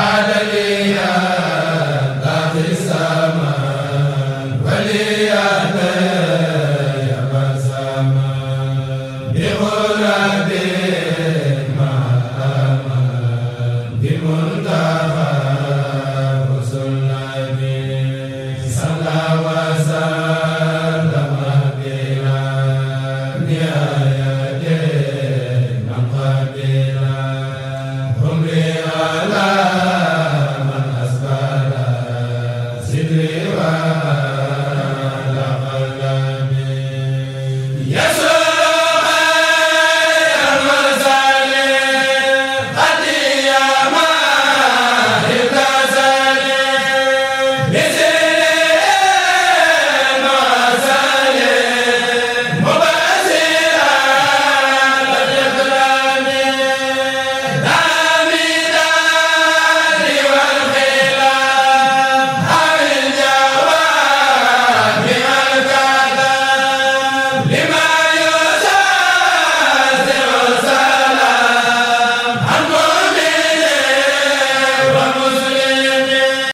ala